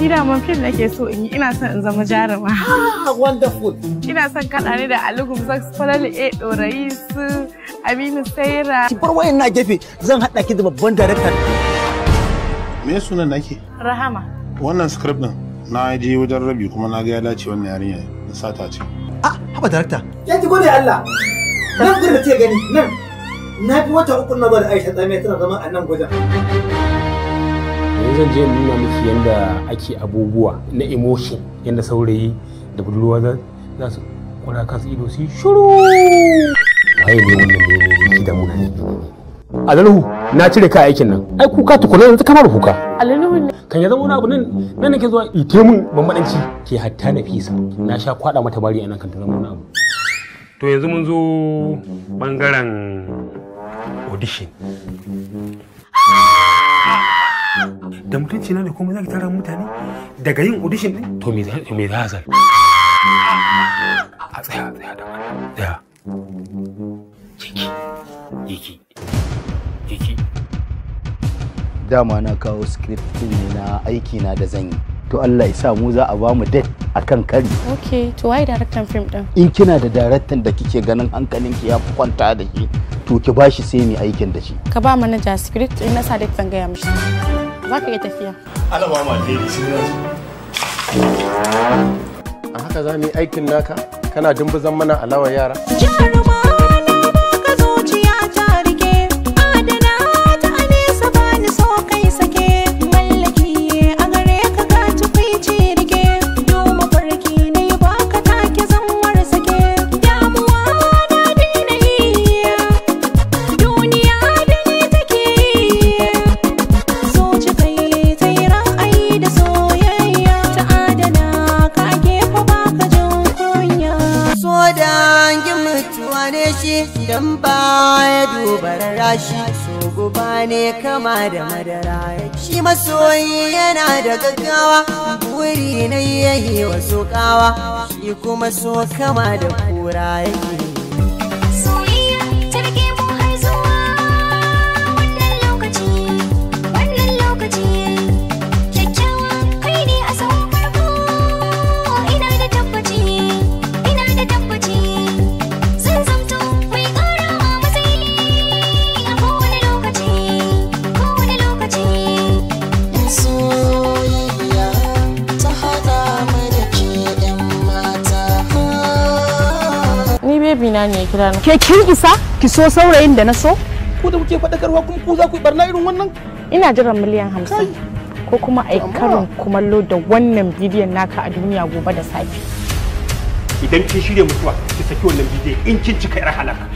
Ni da man fim nake so in yi ina son in zama jaruma. Ah wonderful. Ina son kaɗa ne da Alugum sax Falali e Dorayi su Aminu Saira. Ki bar wayan na gefe zan haɗa ki da babban director. Me sunan nake? Rahama. Wannan script din na je wajen rabi kuma na ga ya dace wannan yarinya na sata ce. Ah haba director. Ya ki gode Allah. Nan gurin da ce gani nan. Na fi wata uku na bar Aisha tsamiya tana zama a nan gudan. zan je nuna miki yadda ake abubuwa na emotion yadda saurayi da budurwa za su kura kansu ido su yi shuru waye ne wannan ne ne da muna ne alaluhu na cire ka aikin nan ai kuka tukuna yanzu kamar kuka alaluhu kan ya zama wani abu nan nan nake zuwa ite mun bambadanci ke hatta na fisa na sha kwada mata bari a nan kan ta zama wani abu to yanzu mun zo bangaren audition da mutunci na ne kuma za ki tara mutane daga yin audition din to me me za san a tsaya tsaya da tsaya jiki jiki jiki dama na kawo script din ne na aiki na da zan yi to Allah ya sa mu za a ba mu date akan kari okay to why director film din in kina da director da kike ganin hankalinki ya fi kwanta da shi to ki bashi sai mu aikin da shi ka ba manaja script in na sa zan gaya mishi zaka ka tafiya ana ba ma a haka za yi aikin naka kana zan mana alawar yara zane shi don ba ya duba rashi so guba ne kama da madara shi masoyi yana da gaggawa buri na yayi wasu kawa shi kuma so kama da kura yake ne kira ke kin isa ki so saurayin da na so ku da kuke faɗakarwa kuma ku za ku yi barna irin wannan ina jiran miliyan hamsin ko kuma a karin kumallo da wannan bidiyon naka a duniya gobe da safe idan kin shirya mutuwa ki saki wannan bidiyon in kin cika yar halaka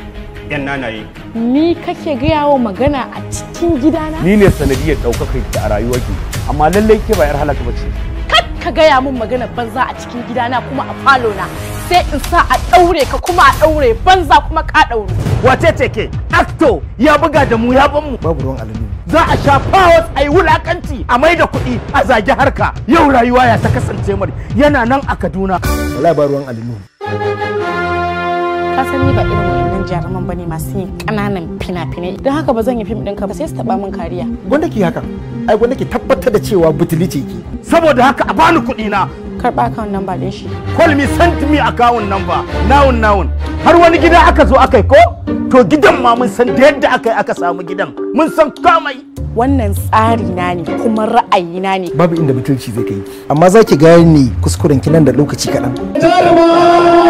yan nanaye ni kake gaya wa magana a cikin gidana ni ne sanadiyar ɗaukakar ki a rayuwarki amma lallai ke ba yar halaka ba ce ka gaya mun magana banza a cikin gidana kuma a falo na sai in sa a ɗaure ka kuma a ɗaure banza kuma ka ɗaure. wace ce ke acto ya buga da mu ya ban mu babu ruwan alumi za a sha powers a wulakanci a mai da kuɗi a zagi harka yau rayuwa ya ta kasance mari yana nan a kaduna wallahi ba ruwan alumi ka san ni ba irin manyan jaruman bane masu yin kananan fina-finai don haka ba zan yi fim ka ba sai su taba min kariya gwanda ki haka ai gwanda ki tabbatar da cewa butuli ce ki saboda haka a bani kuɗi na karɓa akawun namba ɗin shi call me send me akawun namba nawun nawun har wani gida aka zo aka ko to gidan ma mun san da yadda aka yi aka samu gidan mun san komai wannan tsari na ne kuma ra'ayi na ne babu inda mutunci zai kai amma zaki ki gane kuskuren nan da lokaci kaɗan